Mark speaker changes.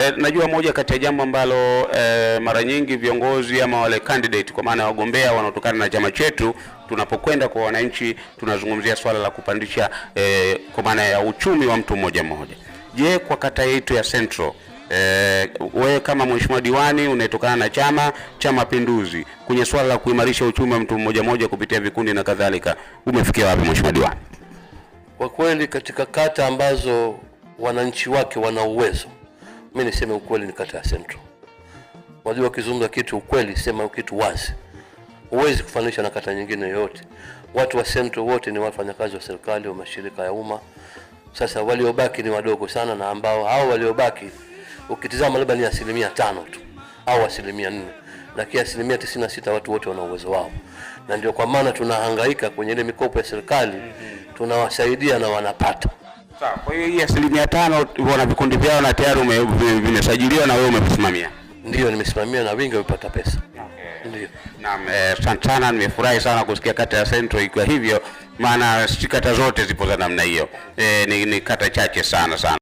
Speaker 1: E, najua moja kati ya jambo ambalo e, mara nyingi viongozi ama wale candidate kwa maana ya wagombea wanaotokana na chama chetu, tunapokwenda kwa wananchi tunazungumzia swala la kupandisha e, kwa maana ya uchumi wa mtu mmoja mmoja. Je, kwa kata yetu ya Central wewe kama mheshimiwa diwani unayetokana na chama cha Mapinduzi kwenye swala la kuimarisha uchumi wa mtu mmoja mmoja kupitia vikundi na kadhalika, umefikia wapi mheshimiwa diwani?
Speaker 2: Kwa kweli katika kata ambazo wananchi wake wana uwezo mi niseme ukweli, ni kata ya Central. wajua ukizungumza kitu ukweli, sema kitu wazi, huwezi kufanisha na kata nyingine yoyote. Watu wa Central wote ni wafanyakazi wa serikali wa mashirika ya umma. Sasa waliobaki ni wadogo sana, na ambao hao waliobaki ukitizama labda ni asilimia tano tu au asilimia nne lakini asilimia tisini na sita watu wote wana uwezo wao, na ndio kwa maana tunahangaika kwenye ile mikopo ya serikali, tunawasaidia na wanapata.
Speaker 1: Sawa. Kwa hiyo hii asilimia tano wana vikundi vyao na tayari vimesajiliwa na wewe umevisimamia?
Speaker 2: Ndiyo, nimesimamia na wingi wamepata pesa.
Speaker 1: Ndiyo. Eh, asante sana, nimefurahi sana kusikia kata ya Central ikiwa hivyo, maana si kata zote zipo za namna hiyo. E, ni, ni kata chache sana sana.